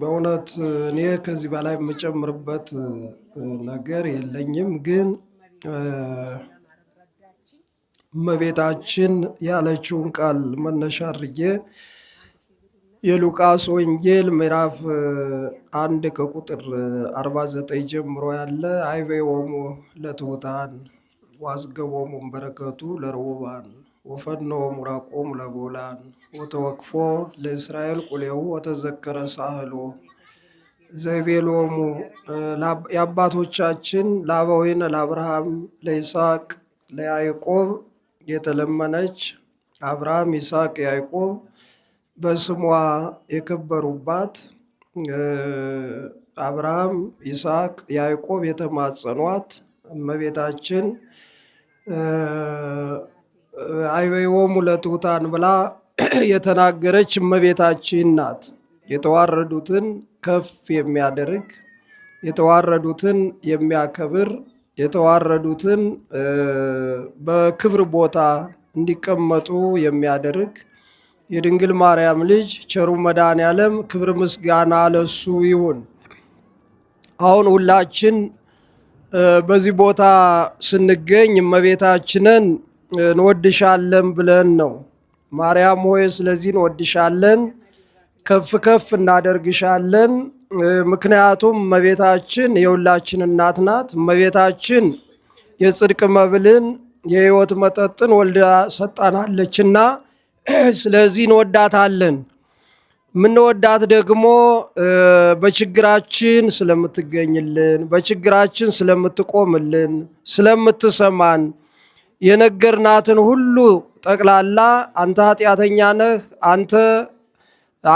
በእውነት እኔ ከዚህ በላይ የምጨምርበት ነገር የለኝም። ግን እመቤታችን ያለችውን ቃል መነሻ አድርጌ የሉቃስ ወንጌል ምዕራፍ አንድ ከቁጥር አርባ ዘጠኝ ጀምሮ ያለ አይቤ ወሙ ለትሑታን ዋዝገቦሙን በረከቱ ለርቡባን ወፈኖ ምራቆሙ ለጎላን ወተወክፎ ለእስራኤል ቁሌው ወተዘከረ ሳህሎ ዘይቤሎሙ የአባቶቻችን ለአበዊነ ለአብርሃም ለይስሐቅ ለያዕቆብ የተለመነች አብርሃም ይስሐቅ ያዕቆብ በስሟ የከበሩባት አብርሃም ይስሐቅ ያዕቆብ የተማጸኗት እመቤታችን አይቤዎሙ ለትሑታን ብላ የተናገረች እመቤታችን ናት። የተዋረዱትን ከፍ የሚያደርግ የተዋረዱትን የሚያከብር የተዋረዱትን በክብር ቦታ እንዲቀመጡ የሚያደርግ የድንግል ማርያም ልጅ ቸሩ መድኃኔዓለም ክብር ምስጋና ለሱ ይሁን። አሁን ሁላችን በዚህ ቦታ ስንገኝ እመቤታችንን እንወድሻለን ብለን ነው። ማርያም ሆይ ስለዚህ እንወድሻለን፣ ከፍ ከፍ እናደርግሻለን። ምክንያቱም እመቤታችን የሁላችን እናት ናት። እመቤታችን የጽድቅ መብልን የህይወት መጠጥን ወልዳ ሰጣናለችና ስለዚህ እንወዳታለን። ምንወዳት ደግሞ በችግራችን ስለምትገኝልን፣ በችግራችን ስለምትቆምልን፣ ስለምትሰማን የነገርናትን ሁሉ ጠቅላላ አንተ ኃጢአተኛ ነህ፣ አንተ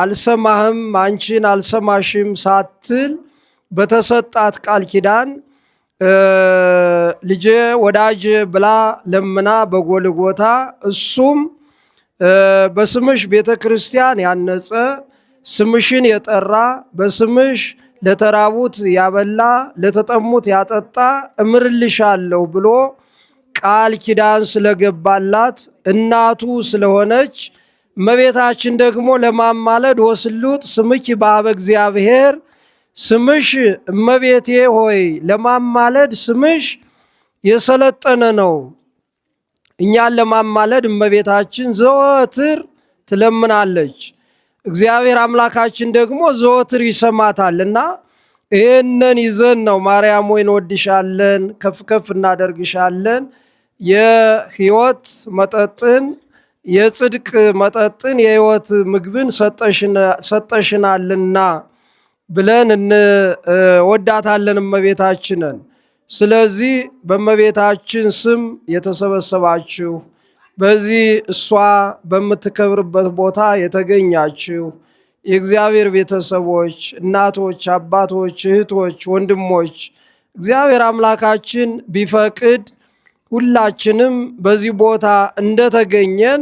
አልሰማህም፣ አንቺን አልሰማሽም ሳትል በተሰጣት ቃል ኪዳን ልጄ ወዳጅ ብላ ለምና በጎልጎታ እሱም በስምሽ ቤተ ክርስቲያን ያነጸ ስምሽን የጠራ በስምሽ ለተራቡት ያበላ ለተጠሙት ያጠጣ እምርልሻለሁ ብሎ ቃል ኪዳን ስለገባላት እናቱ ስለሆነች እመቤታችን ደግሞ ለማማለድ ወስሉጥ ስምኪ በአበ እግዚአብሔር ስምሽ እመቤቴ ሆይ ለማማለድ ስምሽ የሰለጠነ ነው። እኛን ለማማለድ እመቤታችን ዘወትር ትለምናለች። እግዚአብሔር አምላካችን ደግሞ ዘወትር ይሰማታልና ይህንን ይዘን ነው ማርያም ሆይ እንወድሻለን፣ ከፍ ከፍ እናደርግሻለን የህይወት መጠጥን የጽድቅ መጠጥን የህይወት ምግብን ሰጠሽናልና ብለን እንወዳታለን እመቤታችንን። ስለዚህ በእመቤታችን ስም የተሰበሰባችሁ በዚህ እሷ በምትከብርበት ቦታ የተገኛችሁ የእግዚአብሔር ቤተሰቦች፣ እናቶች፣ አባቶች፣ እህቶች፣ ወንድሞች እግዚአብሔር አምላካችን ቢፈቅድ ሁላችንም በዚህ ቦታ እንደተገኘን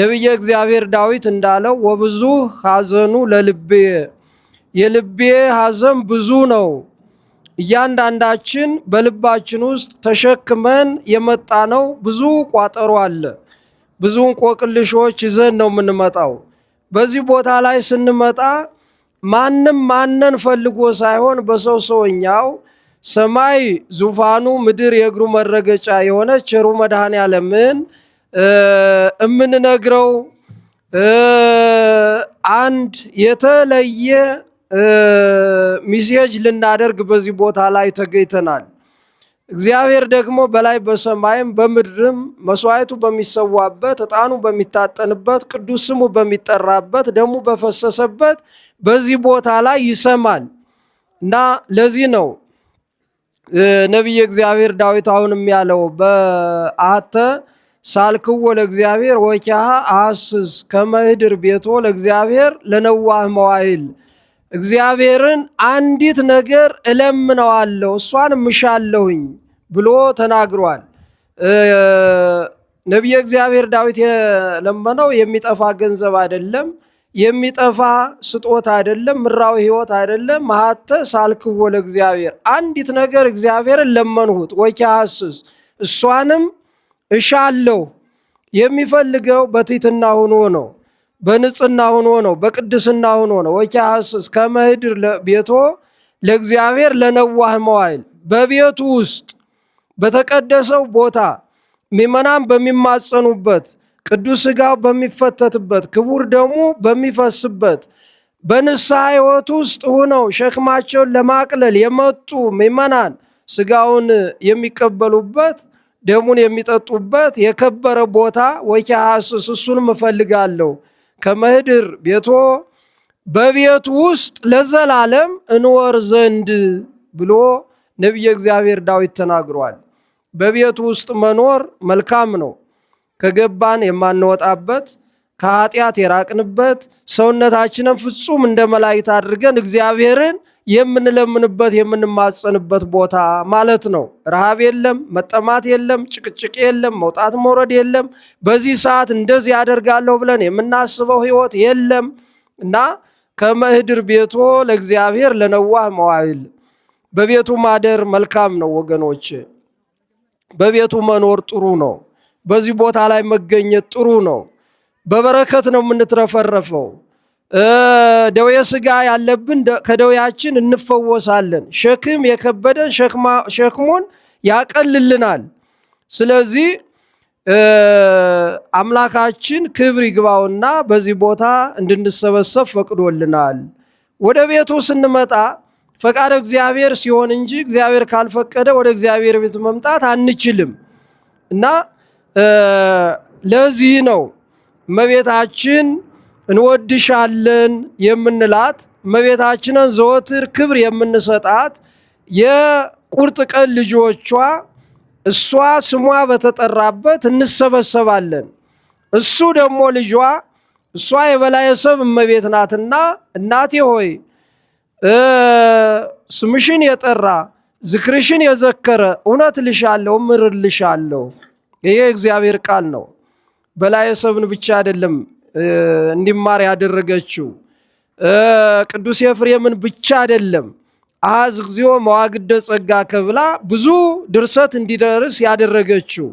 ነቢየ እግዚአብሔር ዳዊት እንዳለው ወብዙ ሐዘኑ ለልቤ የልቤ ሐዘን ብዙ ነው። እያንዳንዳችን በልባችን ውስጥ ተሸክመን የመጣ ነው። ብዙ ቋጠሮ አለ። ብዙ እንቆቅልሾች ይዘን ነው የምንመጣው። በዚህ ቦታ ላይ ስንመጣ ማንም ማነን ፈልጎ ሳይሆን በሰው ሰውኛው ሰማይ ዙፋኑ ምድር የእግሩ መረገጫ የሆነ ቸሩ መድኃኔ ዓለምን እምንነግረው አንድ የተለየ ሚሴጅ ልናደርግ በዚህ ቦታ ላይ ተገኝተናል። እግዚአብሔር ደግሞ በላይ በሰማይም በምድርም መስዋዕቱ በሚሰዋበት ዕጣኑ በሚታጠንበት ቅዱስ ስሙ በሚጠራበት ደሙ በፈሰሰበት በዚህ ቦታ ላይ ይሰማል እና ለዚህ ነው ነቢየ እግዚአብሔር ዳዊት አሁንም ያለው በአተ ሳልክዎ ለእግዚአብሔር ወኪያ አስስ ከመህድር ቤቶ ለእግዚአብሔር ለነዋህ መዋይል እግዚአብሔርን አንዲት ነገር እለምነዋለሁ እሷን ምሻለሁኝ ብሎ ተናግሯል። ነቢየ እግዚአብሔር ዳዊት የለመነው የሚጠፋ ገንዘብ አይደለም። የሚጠፋ ስጦታ አይደለም፣ ምራዊ ህይወት አይደለም። ማህተ ሳልክዎ ለእግዚአብሔር አንዲት ነገር እግዚአብሔርን ለመንሁት ወኪያስስ እሷንም እሻለሁ። የሚፈልገው በትህትና ሆኖ ነው፣ በንጽህና ሆኖ ነው፣ በቅድስና ሆኖ ነው። ወኪያስስ ከመህድር ቤቶ ለእግዚአብሔር ለነዋህ መዋይል በቤቱ ውስጥ በተቀደሰው ቦታ ምዕመናን በሚማጸኑበት ቅዱስ ሥጋው በሚፈተትበት ክቡር ደሙ በሚፈስበት በንስሐ ሕይወት ውስጥ ሆነው ሸክማቸውን ለማቅለል የመጡ ምዕመናን ሥጋውን የሚቀበሉበት ደሙን የሚጠጡበት የከበረ ቦታ ወኪሐስስ እሱንም እፈልጋለሁ ከመህድር ቤቶ በቤቱ ውስጥ ለዘላለም እንወር ዘንድ ብሎ ነቢየ እግዚአብሔር ዳዊት ተናግሯል። በቤቱ ውስጥ መኖር መልካም ነው። ከገባን የማንወጣበት ከኃጢአት የራቅንበት ሰውነታችንን ፍጹም እንደ መላእክት አድርገን እግዚአብሔርን የምንለምንበት የምንማጸንበት ቦታ ማለት ነው። ረሃብ የለም፣ መጠማት የለም፣ ጭቅጭቅ የለም፣ መውጣት መውረድ የለም። በዚህ ሰዓት እንደዚህ ያደርጋለሁ ብለን የምናስበው ህይወት የለም እና ከመህድር ቤቶ ለእግዚአብሔር ለነዋህ መዋይል በቤቱ ማደር መልካም ነው ወገኖች። በቤቱ መኖር ጥሩ ነው። በዚህ ቦታ ላይ መገኘት ጥሩ ነው። በበረከት ነው የምንትረፈረፈው። ደዌ ስጋ ያለብን ከደዌያችን እንፈወሳለን። ሸክም የከበደን ሸክሙን ያቀልልናል። ስለዚህ አምላካችን ክብር ይግባውና በዚህ ቦታ እንድንሰበሰብ ፈቅዶልናል። ወደ ቤቱ ስንመጣ ፈቃድ እግዚአብሔር ሲሆን እንጂ እግዚአብሔር ካልፈቀደ ወደ እግዚአብሔር ቤት መምጣት አንችልም እና ለዚህ ነው እመቤታችን እንወድሻለን የምንላት እመቤታችንን ዘወትር ክብር የምንሰጣት የቁርጥ ቀን ልጆቿ እሷ ስሟ በተጠራበት እንሰበሰባለን። እሱ ደግሞ ልጇ እሷ የበላየ ሰብ እመቤት ናትና እናቴ ሆይ ስምሽን የጠራ ዝክርሽን የዘከረ እውነት ልሻለሁ ምርልሻለሁ ይሄ እግዚአብሔር ቃል ነው። በላየሰብን ብቻ አይደለም እንዲማር ያደረገችው ቅዱስ ኤፍሬምን ብቻ አይደለም አዝ እግዚኦ መዋግደ ጸጋ ከብላ ብዙ ድርሰት እንዲደርስ ያደረገችው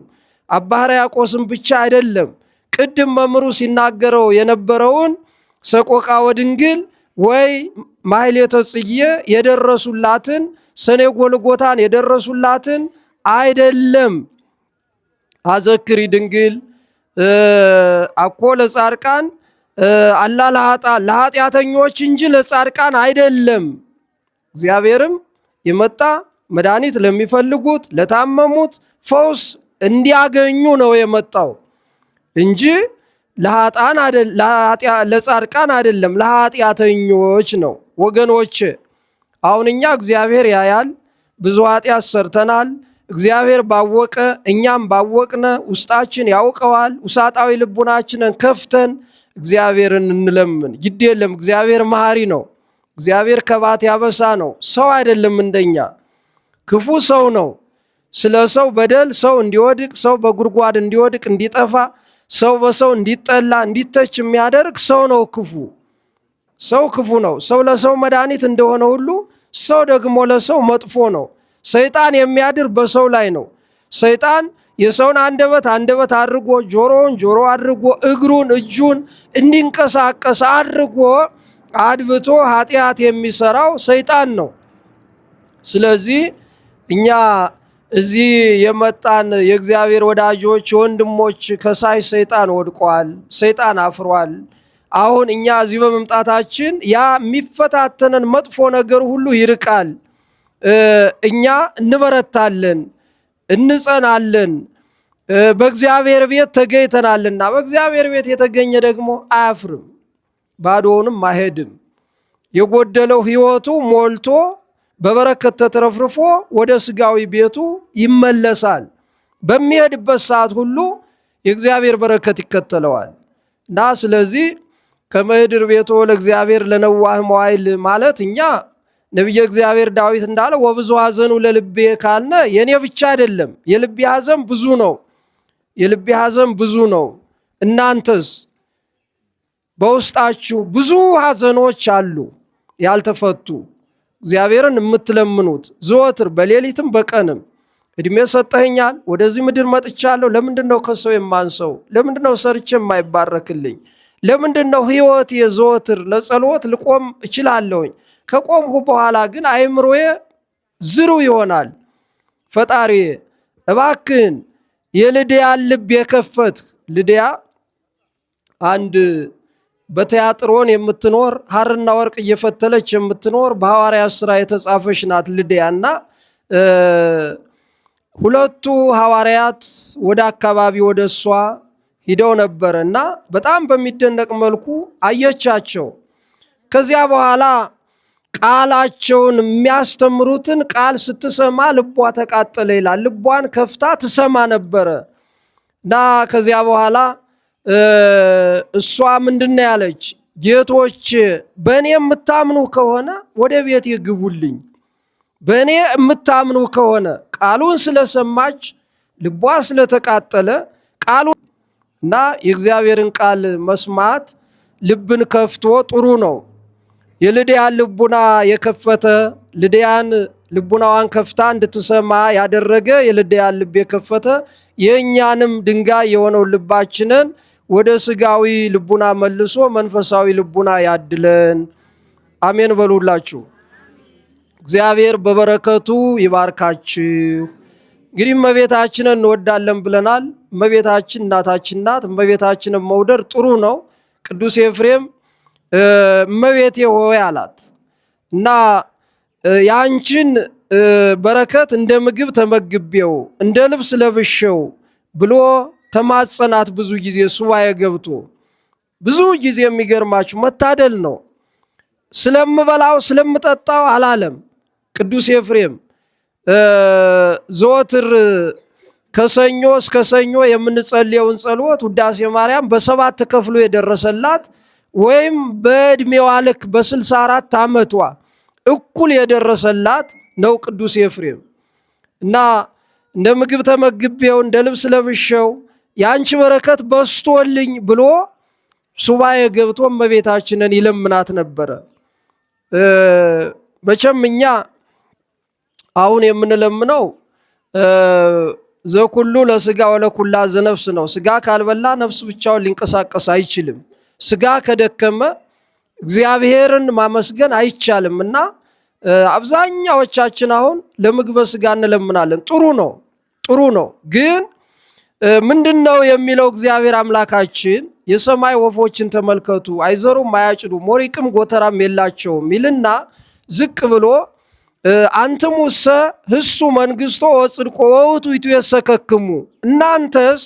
አባ ሕርያቆስን ብቻ አይደለም። ቅድም መምህሩ ሲናገረው የነበረውን ሰቆቃ ወድንግል ወይ ማሕሌተ ጽጌ የደረሱላትን ሰኔ ጎልጎታን የደረሱላትን አይደለም አዘክሪ ድንግል አኮ ለጻድቃን አላ ለሃጣ ለኃጢአተኞች እንጂ ለጻድቃን አይደለም። እግዚአብሔርም የመጣ መድኃኒት ለሚፈልጉት ለታመሙት ፈውስ እንዲያገኙ ነው የመጣው እንጂ ለጻድቃን አይደለም፣ ለኃጢአተኞች ነው። ወገኖች አሁን እኛ እግዚአብሔር ያያል። ብዙ ኃጢአት ሰርተናል። እግዚአብሔር ባወቀ እኛም ባወቅነ ውስጣችን ያውቀዋል። ውሳጣዊ ልቡናችንን ከፍተን እግዚአብሔርን እንለምን። ግድ የለም እግዚአብሔር መሐሪ ነው። እግዚአብሔር ከባት ያበሳ ነው። ሰው አይደለም እንደኛ ክፉ ሰው ነው። ስለ ሰው በደል ሰው እንዲወድቅ ሰው በጉድጓድ እንዲወድቅ እንዲጠፋ ሰው በሰው እንዲጠላ እንዲተች የሚያደርግ ሰው ነው ክፉ ሰው ክፉ ነው። ሰው ለሰው መድኃኒት እንደሆነ ሁሉ ሰው ደግሞ ለሰው መጥፎ ነው። ሰይጣን የሚያድር በሰው ላይ ነው። ሰይጣን የሰውን አንደበት አንደበት አድርጎ ጆሮውን ጆሮ አድርጎ እግሩን እጁን እንዲንቀሳቀስ አድርጎ አድብቶ ኃጢአት የሚሰራው ሰይጣን ነው። ስለዚህ እኛ እዚህ የመጣን የእግዚአብሔር ወዳጆች ወንድሞች ከሳሽ ሰይጣን ወድቋል፣ ሰይጣን አፍሯል። አሁን እኛ እዚህ በመምጣታችን ያ የሚፈታተነን መጥፎ ነገር ሁሉ ይርቃል። እኛ እንበረታለን፣ እንጸናለን በእግዚአብሔር ቤት ተገኝተናልና። በእግዚአብሔር ቤት የተገኘ ደግሞ አያፍርም፣ ባዶውንም አይሄድም። የጎደለው ሕይወቱ ሞልቶ በበረከት ተትረፍርፎ ወደ ስጋዊ ቤቱ ይመለሳል። በሚሄድበት ሰዓት ሁሉ የእግዚአብሔር በረከት ይከተለዋል እና ስለዚህ ከምድር ቤቶ ለእግዚአብሔር ለነዋህ መዋይል ማለት እኛ ነቢየ እግዚአብሔር ዳዊት እንዳለ ወብዙ ሐዘኑ ለልቤ ካልነ የእኔ ብቻ አይደለም፣ የልቤ ሐዘን ብዙ ነው። የልቤ ሐዘን ብዙ ነው። እናንተስ በውስጣችሁ ብዙ ሐዘኖች አሉ ያልተፈቱ እግዚአብሔርን የምትለምኑት ዘወትር በሌሊትም በቀንም እድሜ ሰጠኸኛል፣ ወደዚህ ምድር መጥቻለሁ። ለምንድን ነው ከሰው የማንሰው? ለምንድን ነው ሰርቼ የማይባረክልኝ? ለምንድን ነው ህይወት የዘወትር ለጸሎት ልቆም እችላለሁኝ ከቆምሁ በኋላ ግን አይምሮዬ ዝሩ ይሆናል። ፈጣሪ እባክን የልድያን ልብ የከፈት ልድያ አንድ በቲያጥሮን የምትኖር ሐርና ወርቅ እየፈተለች የምትኖር በሐዋርያ ስራ የተጻፈች ናት። ልድያና ሁለቱ ሐዋርያት ወደ አካባቢ ወደ እሷ ሂደው ነበር እና በጣም በሚደነቅ መልኩ አየቻቸው። ከዚያ በኋላ ቃላቸውን የሚያስተምሩትን ቃል ስትሰማ ልቧ ተቃጠለ ይላል። ልቧን ከፍታ ትሰማ ነበረ እና ከዚያ በኋላ እሷ ምንድን ያለች? ጌቶች በእኔ የምታምኑ ከሆነ ወደ ቤት ይግቡልኝ። በእኔ የምታምኑ ከሆነ ቃሉን ስለሰማች ልቧ ስለተቃጠለ ቃሉ እና የእግዚአብሔርን ቃል መስማት ልብን ከፍቶ ጥሩ ነው። የልድያን ልቡና የከፈተ ልድያን ልቡናዋን ከፍታ እንድትሰማ ያደረገ የልድያን ልብ የከፈተ የእኛንም ድንጋይ የሆነው ልባችንን ወደ ስጋዊ ልቡና መልሶ መንፈሳዊ ልቡና ያድለን። አሜን በሉላችሁ። እግዚአብሔር በበረከቱ ይባርካችሁ። እንግዲህ እመቤታችንን እንወዳለን ብለናል። እመቤታችን እናታችን ናት። እመቤታችንን መውደድ ጥሩ ነው። ቅዱስ ኤፍሬም እመቤቴ ሆይ አላት እና የአንቺን በረከት እንደ ምግብ ተመግቤው እንደ ልብስ ለብሼው ብሎ ተማጸናት። ብዙ ጊዜ ሱባኤ ገብቶ ብዙ ጊዜ የሚገርማችሁ መታደል ነው። ስለምበላው ስለምጠጣው አላለም። ቅዱስ ኤፍሬም ዘወትር ከሰኞ እስከ ሰኞ የምንጸልየውን ጸሎት ውዳሴ ማርያም በሰባት ተከፍሎ የደረሰላት ወይም በዕድሜዋ ልክ በስልሳ 64 ዓመቷ እኩል የደረሰላት ነው ቅዱስ ኤፍሬም እና እንደ ምግብ ተመግቤው እንደ ልብስ ለብሸው የአንቺ በረከት በስቶልኝ ብሎ ሱባኤ ገብቶ እመቤታችንን ይለምናት ነበረ። መቼም እኛ አሁን የምንለምነው ዘኩሉ ለስጋ ወለኩላ ዘነፍስ ነው። ስጋ ካልበላ ነፍስ ብቻውን ሊንቀሳቀስ አይችልም። ስጋ ከደከመ እግዚአብሔርን ማመስገን አይቻልም እና አብዛኛዎቻችን አሁን ለምግበ ስጋ እንለምናለን። ጥሩ ነው፣ ጥሩ ነው። ግን ምንድን ነው የሚለው እግዚአብሔር አምላካችን የሰማይ ወፎችን ተመልከቱ፣ አይዘሩም፣ አያጭዱም፣ ሞሪቅም ጎተራም የላቸውም ይልና ዝቅ ብሎ አንትሙ እሰ ህሱ መንግስቶ ወጽድቆ ወውቱ ይቱ የሰከክሙ እናንተስ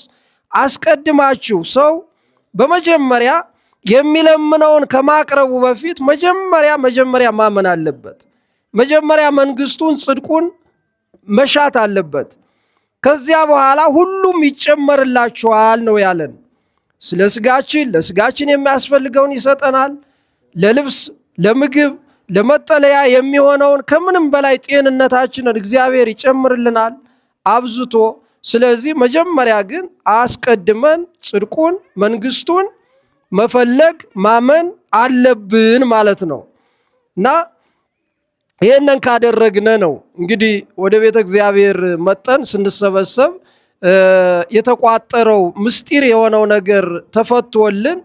አስቀድማችሁ ሰው በመጀመሪያ የሚለምነውን ከማቅረቡ በፊት መጀመሪያ መጀመሪያ ማመን አለበት። መጀመሪያ መንግስቱን፣ ጽድቁን መሻት አለበት። ከዚያ በኋላ ሁሉም ይጨመርላችኋል ነው ያለን። ስለ ስጋችን ለስጋችን የሚያስፈልገውን ይሰጠናል። ለልብስ፣ ለምግብ፣ ለመጠለያ የሚሆነውን ከምንም በላይ ጤንነታችንን እግዚአብሔር ይጨምርልናል አብዝቶ። ስለዚህ መጀመሪያ ግን አስቀድመን ጽድቁን፣ መንግስቱን መፈለግ ማመን አለብን ማለት ነው እና ይህንን ካደረግነ ነው እንግዲህ ወደ ቤተ እግዚአብሔር መጠን ስንሰበሰብ የተቋጠረው ምስጢር የሆነው ነገር ተፈቶልን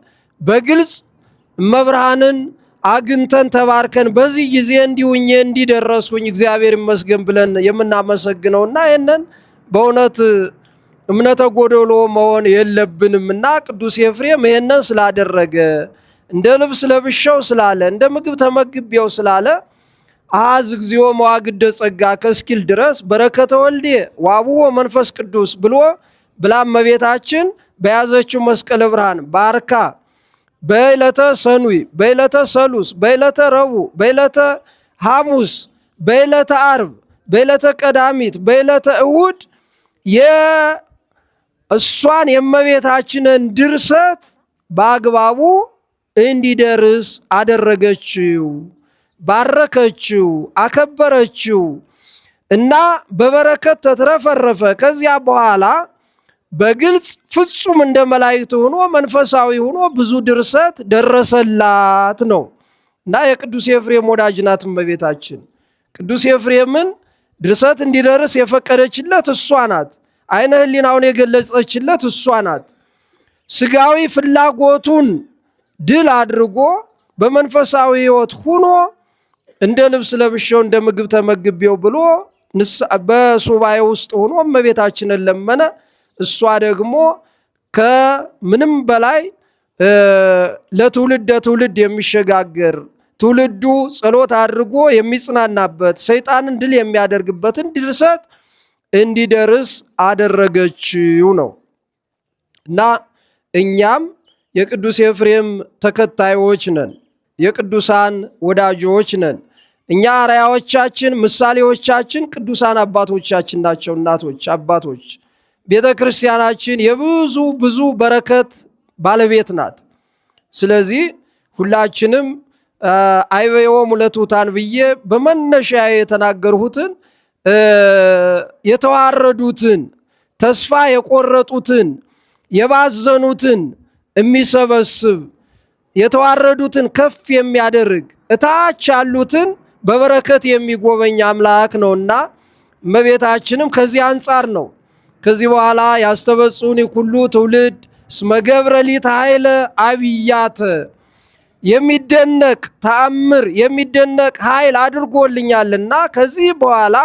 በግልጽ መብርሃንን አግኝተን ተባርከን በዚህ ጊዜ እንዲሁኜ እንዲደረስኩኝ እግዚአብሔር ይመስገን ብለን የምናመሰግነው እና ይህንን በእውነት እምነተ ጎደሎ መሆን እና ቅዱስ ኤፍሬም ይህንን ስላደረገ እንደ ልብስ ለብሻው ስላለ እንደ ምግብ ተመግቤው ስላለ አዝ እግዚኦ መዋግደ ጸጋ ከስኪል ድረስ በረከተ ወልዴ ዋቡዎ መንፈስ ቅዱስ ብሎ ብላም መቤታችን በያዘችው መስቀለ ብርሃን ባርካ በዕለተ ሰኑይ፣ በዕለተ ሰሉስ፣ በዕለተ ረቡዕ፣ በዕለተ ሐሙስ፣ በዕለተ አርብ፣ በዕለተ ቀዳሚት፣ በዕለተ እሁድ። እሷን የእመቤታችንን ድርሰት በአግባቡ እንዲደርስ አደረገችው፣ ባረከችው፣ አከበረችው እና በበረከት ተትረፈረፈ። ከዚያ በኋላ በግልጽ ፍጹም እንደ መላእክት ሆኖ መንፈሳዊ ሆኖ ብዙ ድርሰት ደረሰላት ነው እና የቅዱስ ኤፍሬም ወዳጅ ናት እመቤታችን። ቅዱስ ኤፍሬምን ድርሰት እንዲደርስ የፈቀደችለት እሷ ናት። አይነ ህሊናውን የገለጸችለት እሷ ናት። ስጋዊ ፍላጎቱን ድል አድርጎ በመንፈሳዊ ህይወት ሁኖ እንደ ልብስ ለብሼው እንደ ምግብ ተመግቤው ብሎ በሱባኤ ውስጥ ሆኖ እመቤታችንን ለመነ። እሷ ደግሞ ከምንም በላይ ለትውልድ ለትውልድ የሚሸጋገር ትውልዱ ጸሎት አድርጎ የሚጽናናበት ሰይጣንን ድል የሚያደርግበትን ድርሰት እንዲደርስ አደረገችው ነው እና እኛም የቅዱስ ኤፍሬም ተከታዮች ነን። የቅዱሳን ወዳጆች ነን። እኛ አርአያዎቻችን፣ ምሳሌዎቻችን ቅዱሳን አባቶቻችን ናቸው። እናቶች፣ አባቶች ቤተ ክርስቲያናችን የብዙ ብዙ በረከት ባለቤት ናት። ስለዚህ ሁላችንም አይቤዎሙ ለትሑታን ብዬ በመነሻ የተናገርሁትን የተዋረዱትን ተስፋ የቆረጡትን የባዘኑትን የሚሰበስብ የተዋረዱትን ከፍ የሚያደርግ እታች ያሉትን በበረከት የሚጎበኝ አምላክ ነውና እመቤታችንም ከዚህ አንጻር ነው። ከዚህ በኋላ ያስተበጽኡኒ ኩሉ ትውልድ እስመ ገብረ ሊተ ኃይለ አብያተ የሚደነቅ ተአምር የሚደነቅ ኃይል አድርጎልኛልና ከዚህ በኋላ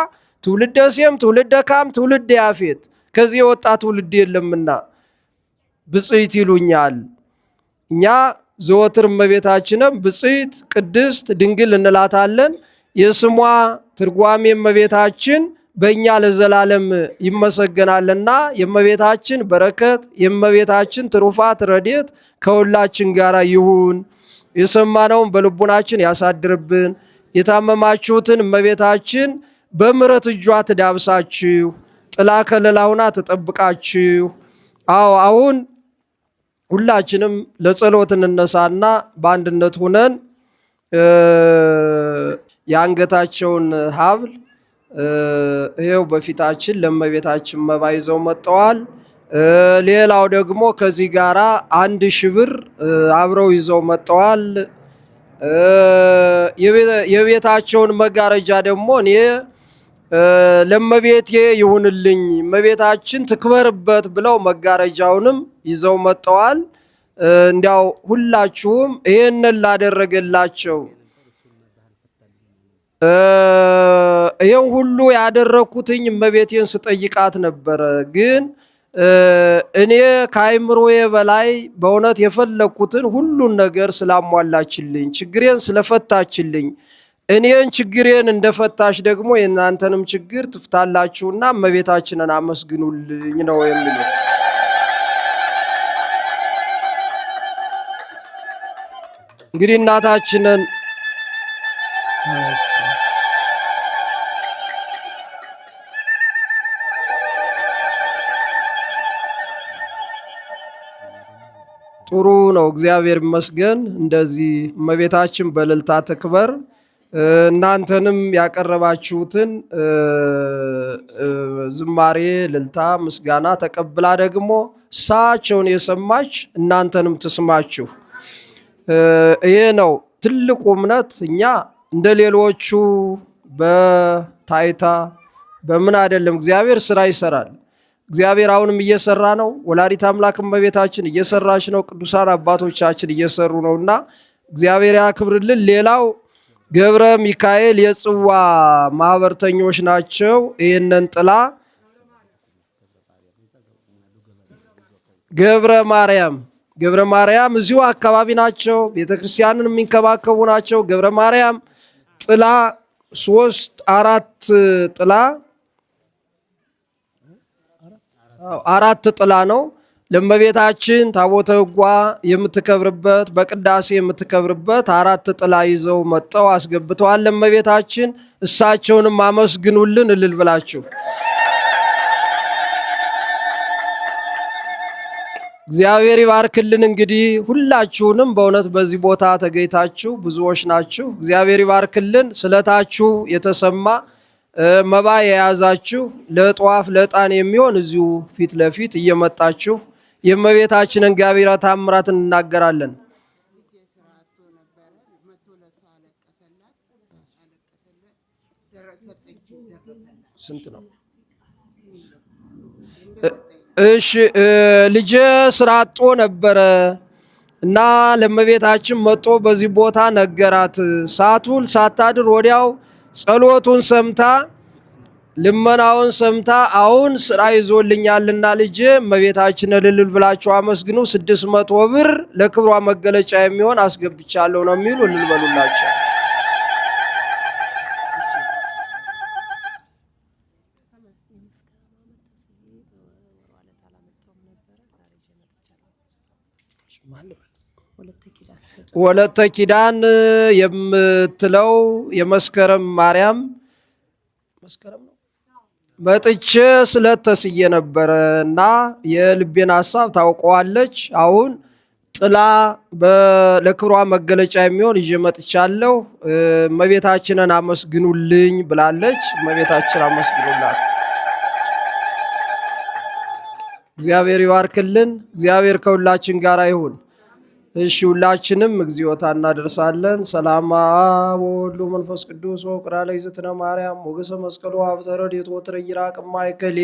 ትውልደ ሴም፣ ትውልደ ካም፣ ትውልደ ያፌት ከዚህ የወጣ ትውልድ የለምና ብጽይት ይሉኛል። እኛ ዘወትር እመቤታችንም ብፅዕት ቅድስት ድንግል እንላታለን። የስሟ ትርጓሜ እመቤታችን በእኛ ለዘላለም ይመሰገናልና የእመቤታችን በረከት የእመቤታችን ትሩፋት ረድኤት ከሁላችን ጋር ይሁን። የሰማነውን በልቡናችን ያሳድርብን። የታመማችሁትን እመቤታችን በምሕረት እጇ ትዳብሳችሁ፣ ጥላ ከለላውና ሆና ትጠብቃችሁ። አዎ አሁን ሁላችንም ለጸሎት እንነሳና በአንድነት ሁነን የአንገታቸውን ሀብል ይኸው በፊታችን ለመቤታችን መባ ይዘው መጥተዋል። ሌላው ደግሞ ከዚህ ጋራ አንድ ሺህ ብር አብረው ይዘው መጥተዋል። የቤታቸውን መጋረጃ ደግሞ እኔ ለመቤቴ ይሁንልኝ እመቤታችን ትክበርበት ብለው መጋረጃውንም ይዘው መጥተዋል። እንዲያው ሁላችሁም ይህንን ላደረገላቸው ይህን ሁሉ ያደረግኩትኝ እመቤቴን ስጠይቃት ነበረ። ግን እኔ ከአይምሮዬ በላይ በእውነት የፈለግኩትን ሁሉን ነገር ስላሟላችልኝ፣ ችግሬን ስለፈታችልኝ እኔን ችግሬን እንደፈታሽ ደግሞ የእናንተንም ችግር ትፍታላችሁና እመቤታችንን አመስግኑልኝ ነው የሚለው። እንግዲህ እናታችንን ጥሩ ነው። እግዚአብሔር ይመስገን። እንደዚህ እመቤታችን በልልታ ትክበር። እናንተንም ያቀረባችሁትን ዝማሬ፣ ልልታ፣ ምስጋና ተቀብላ ደግሞ እሳቸውን የሰማች እናንተንም ትስማችሁ። ይሄ ነው ትልቁ እምነት። እኛ እንደ ሌሎቹ በታይታ በምን አይደለም። እግዚአብሔር ስራ ይሰራል። እግዚአብሔር አሁንም እየሰራ ነው። ወላዲት አምላክ እመቤታችን እየሰራች ነው። ቅዱሳን አባቶቻችን እየሰሩ ነው እና እግዚአብሔር ያክብርልን። ሌላው ገብረ ሚካኤል የጽዋ ማህበርተኞች ናቸው። ይህንን ጥላ ገብረ ማርያም ገብረ ማርያም እዚሁ አካባቢ ናቸው። ቤተክርስቲያንን የሚንከባከቡ ናቸው። ገብረ ማርያም ጥላ ሶስት አራት ጥላ አራት ጥላ ነው። ለእመቤታችን ታቦተ ሕጓ የምትከብርበት በቅዳሴ የምትከብርበት አራት ጥላ ይዘው መጠው አስገብተዋል። ለእመቤታችን እሳቸውንም አመስግኑልን እልል ብላችሁ እግዚአብሔር ይባርክልን። እንግዲህ ሁላችሁንም በእውነት በዚህ ቦታ ተገኝታችሁ ብዙዎች ናችሁ። እግዚአብሔር ይባርክልን። ስለታችሁ የተሰማ መባ የያዛችሁ ለጧፍ ለዕጣን የሚሆን እዚሁ ፊት ለፊት እየመጣችሁ የእመቤታችንን ጋቢራ ታምራት እንናገራለን። ስንት ነው? እሺ ልጅ ስራ ነበረ እና ለእመቤታችን መጦ በዚህ ቦታ ነገራት። ሳትውል ሳታድር ወዲያው ጸሎቱን ሰምታ ልመናውን ሰምታ አሁን ስራ ይዞልኛልና ልጅ እመቤታችን እልልል ብላችሁ አመስግኑ። ስድስት መቶ ብር ለክብሯ መገለጫ የሚሆን አስገብቻለሁ ነው የሚሉ እልል ወለተ ኪዳን የምትለው የመስከረም ማርያም መስከረም መጥቼ ስለት ተስዬ ነበረ እና የልቤን ሀሳብ ታውቀዋለች። አሁን ጥላ ለክብሯ መገለጫ የሚሆን ይዤ መጥቻለሁ። እመቤታችንን አመስግኑልኝ ብላለች። እመቤታችን አመስግኑላት። እግዚአብሔር ይባርክልን። እግዚአብሔር ከሁላችን ጋር ይሁን። እሺ ሁላችንም እግዚኦታ እናደርሳለን። ሰላማ ወወሉ መንፈስ ቅዱስ ወቅራ ላይ ዝትነ ማርያም ወገሰ መስቀሉ ሀብተ ረድኤቱ ይራቅ ማይከል